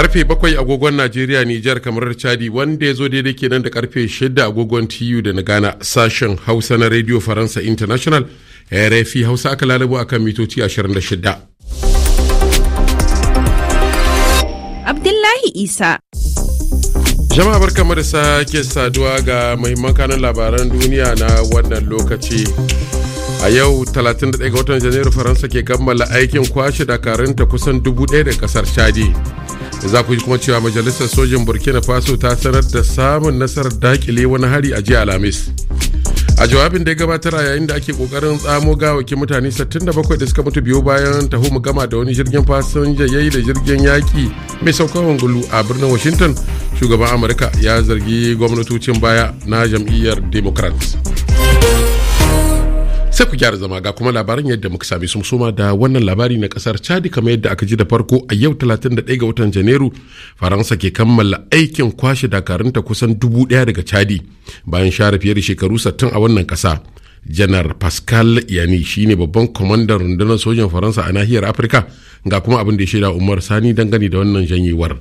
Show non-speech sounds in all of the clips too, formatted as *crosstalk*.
karfe bakwai agogon najeriya nijar kamar chadi wanda ya zo daidai nan da karfe shida agogon tu da na gana sashen hausa na radio faransa international rfi hausa aka lalabo akan mitoci 26 abdullahi isa jama'a kamar da sake saduwa ga muhimman kanan labaran duniya na wannan lokaci a yau 31 ga watan janairu faransa ke kammala aikin kwashe dakarunta kusan 1000 da kasar chadi za ku ji kuma cewa majalisar sojin burkina faso ta sanar da samun nasarar dakile wani hari a jiya alhamis a jawabin da ya gabatar a yayin da ake kokarin tsamo gawakin mutane 67 da suka mutu biyu bayan taho gama da wani jirgin fasinja yayi da jirgin yaki mai saukan wangulu a birnin washington shugaban amurka ya zargi gwamnatocin baya na jam'iyyar democrats sai ku gyara zama ga kuma labaran yadda muka sami su musoma da wannan labari na kasar chadi kamar yadda aka ji da farko a yau 31 ga watan janairu faransa ke kammala aikin kwashe dakarunta kusan dubu daya daga chadi bayan share fiye da shekaru 60 a wannan kasa janar pascal yani shine babban kwamandan rundunar sojan faransa a nahiyar afirka ga kuma abin da ya shaida umar sani dangane da wannan janyewar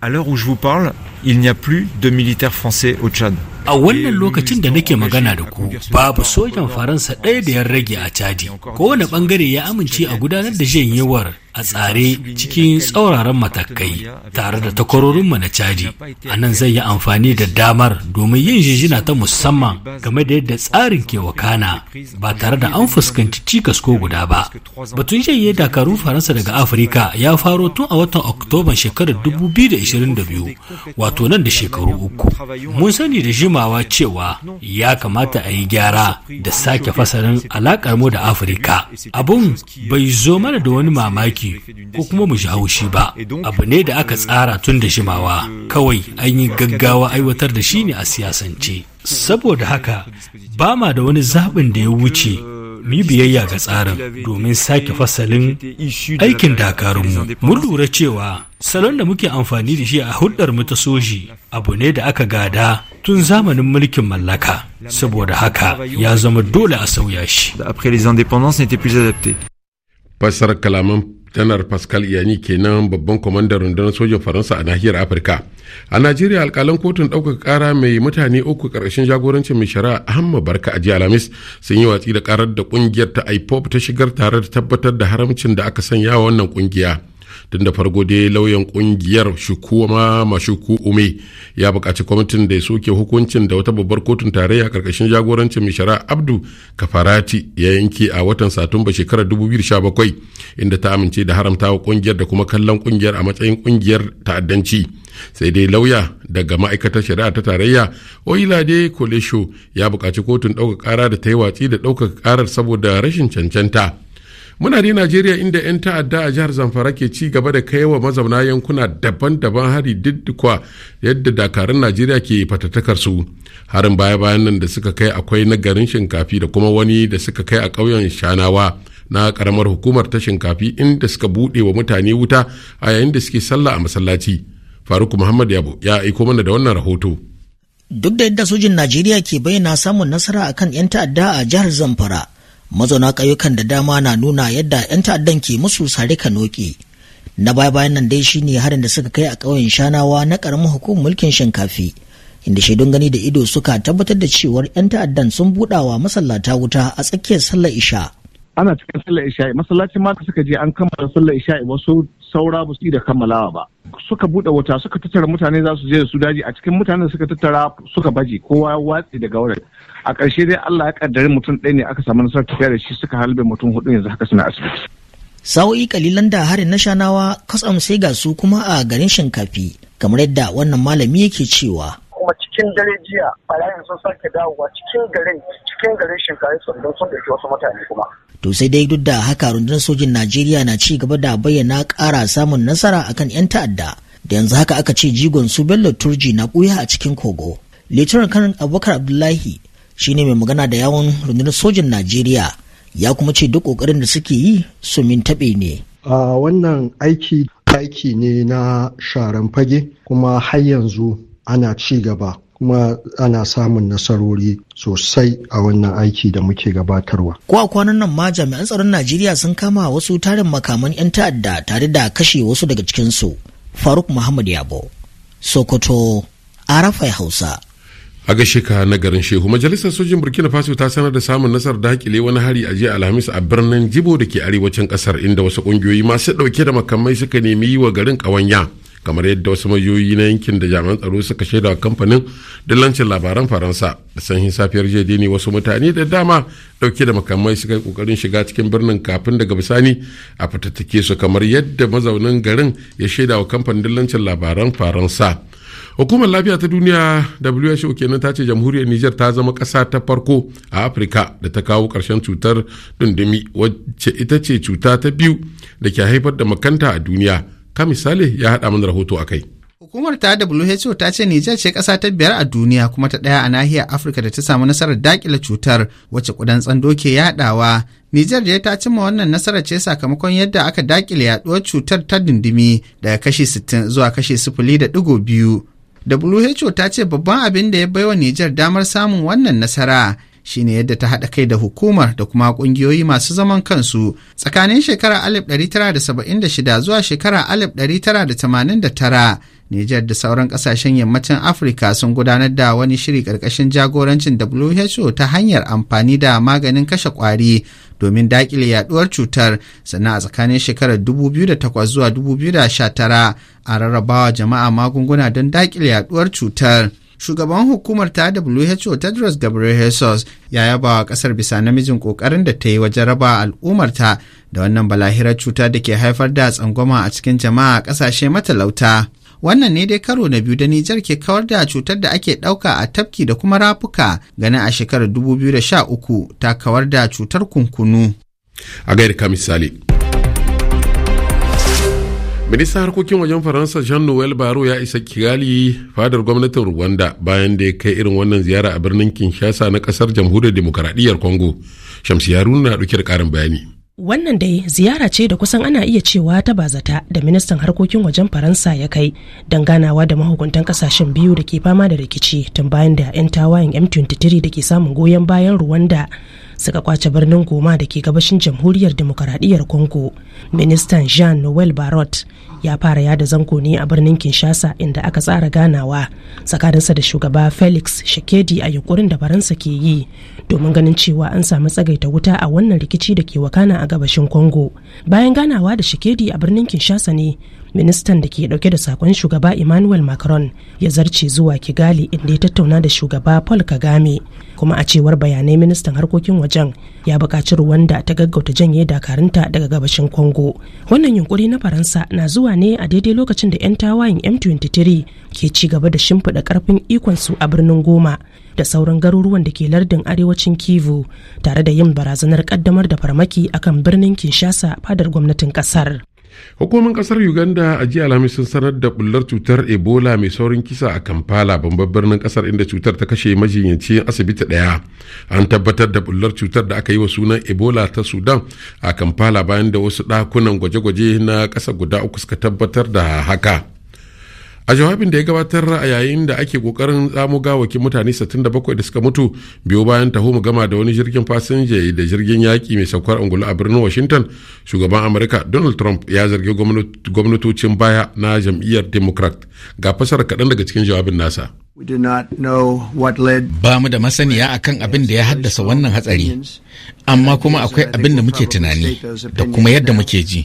À l'heure où je vous parle, il n'y a plus de militaires français au Tchad. a wannan lokacin da nake magana da ku babu sojan faransa ɗaya da ya rage a cadi kowane bangare ya amince a gudanar da janyewar a tsare cikin tsauraran matakai tare da takwarorinmu na cadi a nan zai yi amfani da damar domin yin jijina ta musamman game da yadda tsarin ke wakana ba tare da an fuskanci cikas ko guda ba batun janye dakarun faransa daga afirka ya faro tun a watan oktoban shekarar 2022 wato nan da shekaru uku mun sani da jimawa cewa ya kamata a yi gyara da sake fasalin alakar mu da afirka abun bai zo mana da wani mamaki ko kuma mu ji haushi ba abu ne da aka tsara tun da jimawa kawai an yi gaggawa aiwatar da shi ne a siyasance saboda haka ba ma da wani zaɓin da ya wuce mu biyayya ga tsarin domin sake fasalin aikin dakarunmu mun lura cewa salon da muke amfani da shi a hulɗar mu ta soji abu ne da aka gada tun zamanin mulkin mallaka saboda haka ya zama dole a sauya shi fasar kalaman janar pascal iyani kenan babban kwamandan rundunar sojin faransa a nahiyar afirka a najeriya alkalan kotun ɗaukaka ƙara mai mutane uku ƙarshen jagorancin mai shari'a ahmad barka a alhamis sun yi watsi da karar da ƙungiyar ta ipop ta shigar tare da tabbatar da haramcin da aka sanya wa wannan ƙungiya tun da farko dai lauyan kungiyar shukuma shuku ume ya bukaci kwamitin da ya soke hukuncin da wata babbar kotun tarayya karkashin jagorancin mishara abdu kafarati ya yanke a watan satumba shekarar 2017 inda ta amince da haramta wa kungiyar da kuma kallon kungiyar a matsayin kungiyar ta'addanci sai dai lauya daga ma'aikatar shari'a ta tarayya oilade kolesho ya bukaci kotun ɗaukar kara da ta yi watsi da ɗaukaka karar saboda rashin cancanta muna ne najeriya inda 'yan ta'adda a jihar zamfara ke ci gaba da kai wa mazauna yankuna daban-daban hari diddikwa yadda dakarun najeriya ke fatattakar su harin baya-bayan nan da suka kai akwai na garin shinkafi da kuma wani da suka kai a ƙauyen shanawa na karamar hukumar ta shinkafi inda suka buɗe wa mutane wuta a yayin da suke sallah a masallaci faruk muhammad yabo ya aiko mana da wannan rahoto duk da yadda sojin najeriya ke bayyana samun nasara akan 'yan ta'adda a jihar zamfara mazauna ƙauyukan da dama na nuna yadda 'yan ta'addan ke musu sare ka noƙe na baya bayan nan dai shine harin da suka kai a ƙauyen shanawa na ƙaramin hukumar mulkin shinkafi inda shaidun gani da ido suka tabbatar da cewar 'yan ta'addan sun buɗawa masallata wuta a tsakiyar sallar isha ana cikin sallar isha'i masallacin mata suka je an kammala sallar isha'i wasu saura ba su da kammalawa ba suka buɗe wuta suka tattara mutane za su je da su daji a cikin mutanen suka tattara suka baje kowa watsi daga wurin a ƙarshe dai Allah ya kaddari mutum ɗaya ne aka samu nasarar tafiya da shi suka halbe mutum hudu yanzu haka suna asibiti. Sa'o'i kalilan da harin na shanawa kasam sai ga su kuma a garin shinkafi kamar yadda wannan malami yake cewa. Kuma cikin dare jiya barayin sun sake dawowa cikin garin cikin garin shinkafi sandan sun ɗauki wasu mutane kuma. To sai dai duk da haka rundunar sojin Najeriya na ci gaba da bayyana ƙara samun nasara akan 'yan ta'adda. da yanzu haka aka ce jigon su bello turji na ɓuya a cikin kogo litinar karin abubakar abdullahi shine mai magana da yawon rundunar sojin najeriya ya kuma ce duk ƙoƙarin da suke yi su min taɓe ne a wannan aiki aiki ne na sharan fage kuma har yanzu ana ci gaba kuma ana samun nasarori sosai a wannan aiki da muke gabatarwa. Ko a kwanan nan ma jami'an tsaron Najeriya sun kama wasu tarin makaman 'yan ta'adda tare da kashe wasu daga cikinsu. Faruk Muhammad Yabo, Sokoto, Arafai Hausa. a gashika na garin shehu majalisar sojin burkina faso ta sanar da samun nasar da hakile wani hari a jiya alhamis a birnin jibo da ke arewacin kasar inda wasu kungiyoyi masu dauke da makamai suka nemi yi wa garin kawanya kamar yadda wasu majiyoyi na yankin da jami'an tsaro suka shaida kamfanin dillancin labaran faransa da sanhin safiyar jiya ne wasu mutane da dama dauke da makamai suka yi kokarin shiga cikin birnin kafin daga bisani a fitattake su kamar yadda mazaunin garin ya shaida wa kamfanin dillancin labaran faransa hukumar lafiya ta duniya who kenan ta ce jamhuriyar niger ta zama ƙasa ta farko a afirka da ta kawo ƙarshen cutar dundumi wacce ita ce cuta ta biyu da ke haifar da makanta a duniya ka misali ya haɗa mana rahoto a kai hukumar ta who ta ce niger ce ƙasa ta biyar a duniya kuma ta ɗaya a nahiyar afirka da ta samu nasarar daƙile cutar wacce kudan tsando ke yaɗawa Nijar da ta cimma wannan nasarar ce sakamakon yadda aka dakile yaduwar cutar ta dindimi daga kashi 60 zuwa kashi 0.2 WHO ta ce babban abin da ya baiwa Nijar damar samun wannan nasara shine yadda ta haɗa kai da hukumar da kuma ƙungiyoyi masu zaman kansu tsakanin shekara 1976 zuwa shekara 1989 Nijar da sauran kasashen yammacin Afirka sun gudanar da wani shiri ƙarƙashin jagorancin WHO ta hanyar amfani da maganin kashe ƙwari domin daƙile yaduwar cutar sannan a tsakanin shekarar 2008 zuwa 2019 a rarrabawa jama'a magunguna don daƙile yaduwar cutar. Shugaban hukumar ta WHO Tedros Ghebreyesus ya yaba wa kasar bisa namijin ƙoƙarin da ta yi wajen raba al'ummarta da wannan balahirar cuta da ke haifar da tsangwama a cikin jama'a ƙasashe matalauta. wannan ne dai karo na biyu da Nijar ke kawar da cutar da ake ɗauka a tafki da kuma rafuka ganin a shekarar 2013 ta kawar da cutar kunkunu. A gaida ka misali. ministan harkokin wajen faransa jean noel baro ya isa kigali fadar gwamnatin rwanda bayan da ya kai irin wannan ziyara a birnin kinshasa na kasar jamhuriyar demokaradiyyar congo ya na ɗauke da ƙarin bayani Wannan dai ziyara ce da kusan ana iya cewa ta bazata da ministan harkokin wajen Faransa ya kai don ganawa da mahukuntan kasashen biyu da ke fama da rikici tun bayan da 'yan tawayen M23 da ke samun goyon bayan Rwanda suka kwace birnin goma da ke gabashin jamhuriyar demokaradiyyar congo ministan jean noel barot ya fara yada zanko ne a birnin kinshasa inda aka tsara ganawa tsakaninsa da shugaba felix shekedi a yunkurin da faransa ke yi domin ganin cewa an samu tsagaita wuta a wannan rikici da ke wakana a gabashin congo bayan ganawa da shekedi a birnin kinshasa ne ministan da ke dauke da sakon shugaba emmanuel macron ya zarce zuwa kigali inda ya tattauna da shugaba paul kagame kuma a cewar bayanai ministan harkokin wajen ya buƙaci rwanda ta gaggauta janye dakarunta daga gabashin congo wannan yunkuri na faransa na zuwa ne a daidai lokacin da 'yan tawayen m23 ke ci gaba da shimfiɗa ƙarfin ikonsu a birnin goma da sauran garuruwan da ke lardin arewacin kivu tare da yin barazanar ƙaddamar da farmaki akan birnin kinshasa fadar gwamnatin ƙasar hukumomin kasar uganda a jiya alhamis sun sanar da bullar cutar ebola mai saurin kisa a kampala babban birnin kasar inda cutar ta kashe majinyaci asibiti daya an tabbatar da bullar cutar da aka yi wa sunan ebola ta sudan a kampala bayan da wasu dakunan gwaje-gwaje na kasa guda uku suka tabbatar da haka a jawabin da ya gabatar a yayin da ake kokarin tsamo gawakin mutane 67 da suka mutu biyu bayan taho mu gama da wani jirgin fasinja da jirgin yaki mai saukar angulu a birnin washington shugaban amurka donald trump ya zargi gwamnatocin baya na jam'iyyar democrat ga fasara kaɗan daga cikin jawabin nasa Ba mu da masaniya akan abin da ya haddasa wannan hatsari, amma kuma akwai abin da muke tunani da kuma yadda muke ji.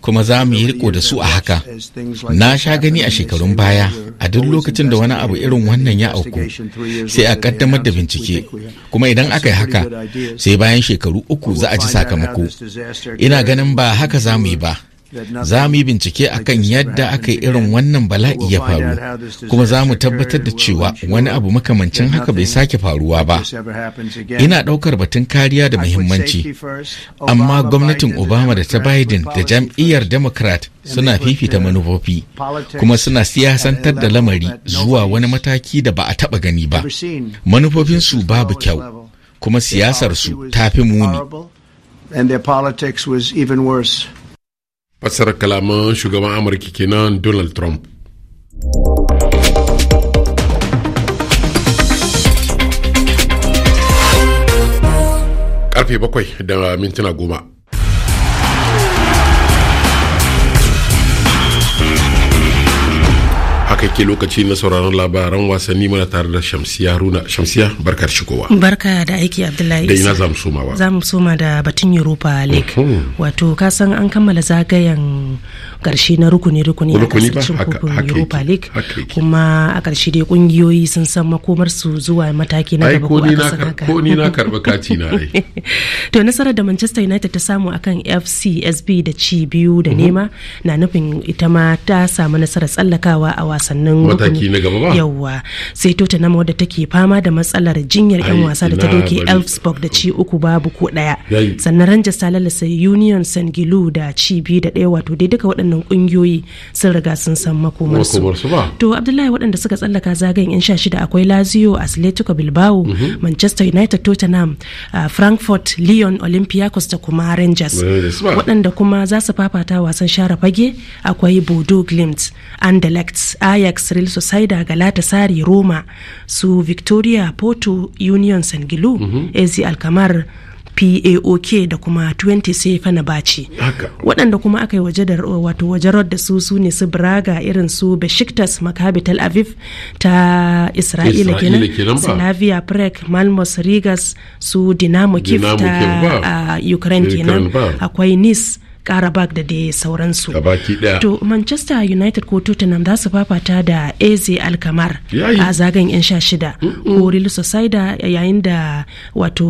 kuma za mu yi riko da su a haka na sha gani a shekarun baya a duk lokacin da wani abu irin wannan ya auku sai a kaddamar da bincike kuma idan aka yi haka sai bayan shekaru uku za a ji sakamako ina ganin ba haka za mu yi ba za mu yi bincike akan yadda aka yi irin wannan bala'i ya faru kuma za mu tabbatar da cewa wani abu makamancin haka bai sake faruwa ba ina ɗaukar batun kariya da muhimmanci amma gwamnatin obama da ta biden da jam'iyyar democrat suna fifita manufofi kuma suna siyasantar da lamari zuwa wani mataki da ba a taɓa gani ba manufofinsu babu kyau kuma siyasarsu ta fi muni And their politics was even fassara kalaman shugaban amurka kenan donald trump karfe bakwai da mintuna goma cikakke lokaci na sauraron labaran wasanni muna tare da Shamsiya runa Shamsiya barkar shigowa. Barka da aiki Abdullahi. Da ina za mu soma wa. Za mu soma da batun Europa League. Mhm. Wato ka san an kammala zagayen karshe na rukuni rukuni a kasashen kofin Europa League. Kuma a karshe dai kungiyoyi sun san makomar su zuwa mataki na gaba ko a kasan Ko ni na karba kati na ai. *laughs* To nasarar da Manchester United ta samu akan FC SB da ci biyu da mhm. nema na nufin ita ma ta samu nasarar tsallakawa a wasan sannan mataki na gaba ba yawa sai tota wadda take fama da matsalar jinyar yan wasa da ta doke elfsburg da ci uku babu ko daya sannan rangers ta lalasa union san gilu da ci biyu da daya wato dai duka waɗannan kungiyoyi sun riga sun san su to abdullahi waɗanda suka tsallaka zagayen yan sha shida akwai lazio atletico bilbao mhm. manchester united tottenham frankfurt lyon olympiacos da kuma rangers waɗanda kuma za su fafata wasan share fage akwai bodo glimt anderlecht ajax ajax real sociedad galatasaray roma su victoria porto union sengilu mm -hmm. az alkamar paok da kuma 20 sai baci waɗanda kuma aka yi wato wajarar da su su ne su braga irin su beshiktas makabi tel aviv ta isra'ila kenan slavia prek malmos rigas su dinamo kif ta ukraine eh, kenan akwai nice karabag da dai sauransu to manchester united ko tottenham za su fafata da az alkamar a zagayen yan sha shida ko real society yayin da wato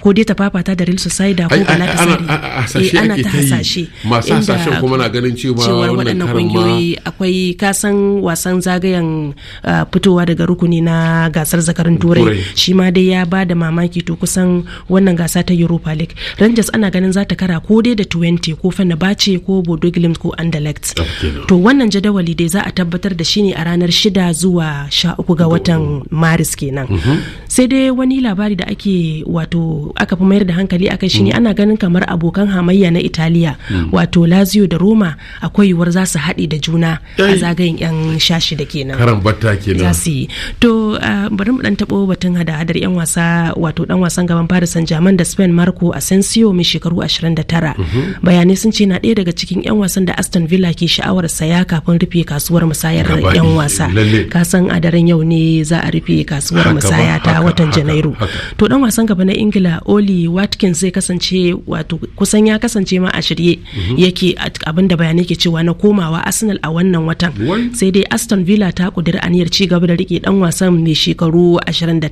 ko dai ta fafata da real society ko galatasaray ana eh, ta hasashe masu hasashen kuma na ganin cewa waɗannan kungiyoyi akwai kasan wasan zagayen ah, fitowa daga rukuni na gasar zakarin turai shi ma dai ya ba da mamaki to kusan wannan gasa ta europa league rangers ana ganin za ta kara ko dai da 20 ko ko fenerbahce ko bodo glimt ko anderlecht ah, to wannan jadawali dai za a tabbatar da shi ne a ranar shida zuwa sha uku ga watan maris kenan mhm. sai dai wani labari da ake wato aka fi mayar da hankali akai shi ne mhm. ana ganin kamar abokan hamayya na italiya mhm. wato lazio da roma akwai yiwuwar za su haɗe da juna a zagayen yan shashi da kenan karan batta kenan zasu yi to ah, bari mu dan tabo batun hada-hadar yan wasa wato dan wasan gaban paris saint germain da spain marco asensio mai shekaru 29 bayan bayanai sun ce na ɗaya daga cikin 'yan wasan da Aston Villa ke sha'awar saya kafin rufe kasuwar musayar 'yan eh, wasa. ka san a daren yau ne za a rufe kasuwar musaya ta watan Janairu. To dan wasan gaba na Ingila Oli Watkins zai kasance wato kusan ya kasance ma a shirye mhm. yake abin da bayanai ke cewa na komawa Arsenal a wannan watan. Sai dai Aston Villa ta kudura aniyar ci gaba da rike dan wasan mai shekaru 29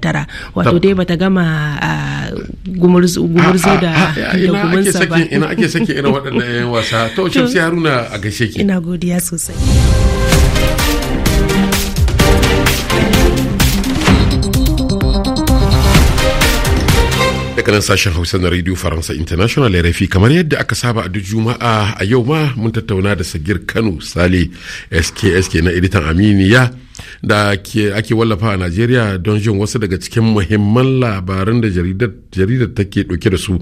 wato dai bata gama ah, gumurzu ah, ah, da gumunsa ba. waɗannan 'yan wasa to shamsi haruna a gaishe ki ina godiya sosai daga nan sashen hausa na radio faransa international rafi kamar yadda aka saba a duk juma'a a yau ma mun tattauna da sagir kano sale sksk na editan aminiya da ake wallafa a najeriya don jin wasu daga cikin muhimman labaran da jaridar take ɗauke da su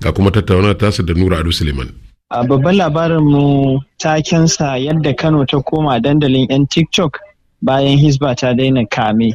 ga kuma tattauna tasu da nura ado suleiman a babban labarin labarinmu takensa yadda kano ta koma dandalin 'yan tiktok bayan hisba ta daina kame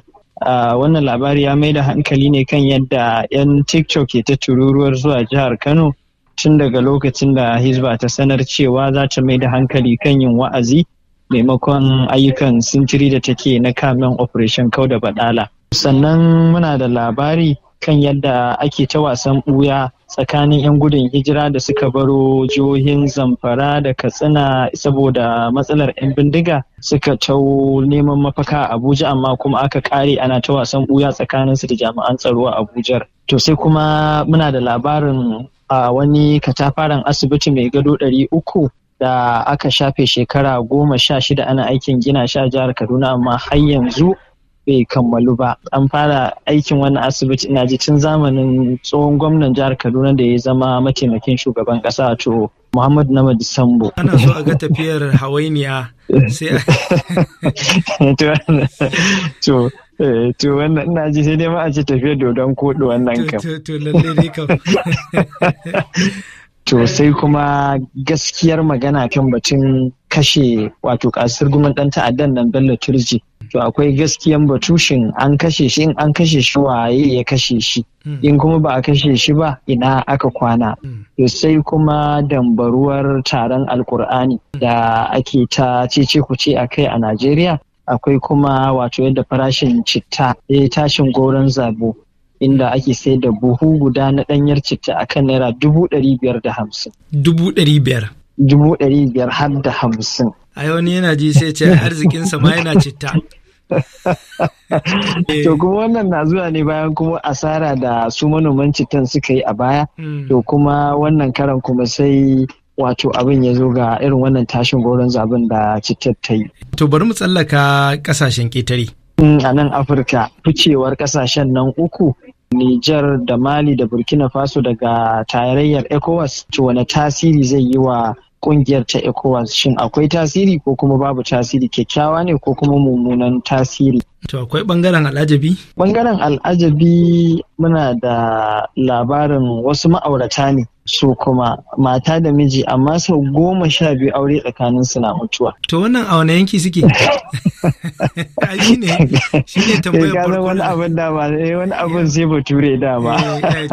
wannan labari ya mai da hankali ne kan yadda 'yan tiktok ke ta tururuwar zuwa jihar kano tun daga lokacin da hisba ta sanar cewa za ta mai da hankali kan yin wa'azi maimakon ayyukan sintiri da take na kamen operation kau da badala sannan muna da labari kan yadda ake ta wasan buya tsakanin 'yan gudun hijira da suka baro jihohin zamfara da katsina saboda matsalar 'yan bindiga suka tau neman mafaka a abuja amma kuma aka kare ana ta wasan buya tsakanin su da jami'an tsaro a abuja to sai kuma muna da labarin a wani katafaren asibiti mai gado ɗari da aka shafe shekara goma sha shida ana aikin gina sha jihar kaduna amma har yanzu bai kammalu ba an fara aikin wani asibiti ina ji tun zamanin tsohon gwamnan jihar kaduna da ya zama mataimakin shugaban kasa to muhammad namad sambo ana so a ga tafiyar hawainiya sai *laughs* to to wannan ina ji sai dai ma a ce tafiyar dodon kodo wannan kam to lalle ne kam *laughs* to sai kuma gaskiyar magana kan batun kashe wato kasar gumin dan ta'addan nan bello turji to akwai gaskiyan batushin an kashe shi in an kashe shi waye ya kashe shi hmm. in kuma ba a kashe shi ba ina aka kwana hmm. to sai kuma dambaruwar taron alkur'ani hmm. da ake ta cece kuce a kai a najeriya akwai kuma wato yadda farashin citta ya eh, tashin goron zabo inda ake sai da buhu guda na ɗanyar citta a kan naira dubu ɗari biyar da hamsin. Dubu ɗari biyar? Dubu ɗari biyar har da hamsin. A yau ni yana ji sai ce arzikinsa ma yana citta. *laughs* to kuma wannan na zuwa ne bayan kuma asara da su manoman cittan suka yi a baya hmm. to kuma wannan karan kuma sai wato abin ya zo ga irin wannan tashin goron zabin da citta ta yi. To bari mu tsallaka kasashen ƙetare. Mm, a nan Afirka ficewar kasashen nan uku Nijar da Mali da Burkina Faso daga tarayyar ECOWAS to wani tasiri zai yi wa kungiyar ta ECOWAS shin akwai tasiri ko kuma babu tasiri kyakkyawa ne ko kuma mummunan tasiri. To akwai bangaren al'ajabi? Bangaren al'ajabi muna da labarin wasu ma'aurata ne su kuma mata da miji amma sau goma sha biyu aure tsakanin na mutuwa. To wannan a wani yanki suke? *laughs* Shi ne tambayar farko. Wani abin da dama eh, wani abin sai da ba. Eh,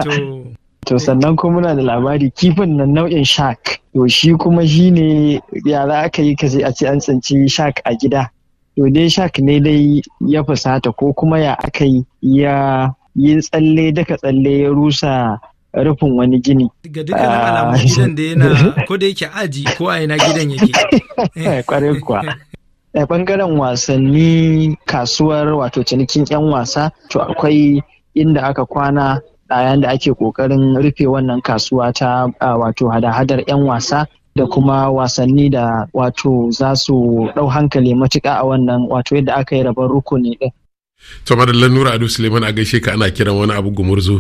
*laughs* to sannan kuma muna da labari kifin nan nau'in shark. To shi kuma shi ne yara aka yi kaje a ce an tsinci shark a gida. To dai shark ne dai ya fusata ko kuma ya aka yi ya yin tsalle daka tsalle ya rusa rufin wani gini. Ga dukkan ah. alamun gidan da yana *laughs* ko da yake aji ko a yana gidan yake. *laughs* Kwarai kuwa. A eh, bangaren wasanni kasuwar wato cinikin 'yan wasa to akwai inda aka kwana ɗayan da ake kokarin rufe wannan kasuwa ta wato hada-hadar 'yan wasa da kuma wasanni da wato za su ɗau hankali matuƙa a wannan wato yadda aka yi rabon rukuni ɗin. To madallan Nura Ado Suleiman a gaishe ka ana kiran wani abu gumurzu.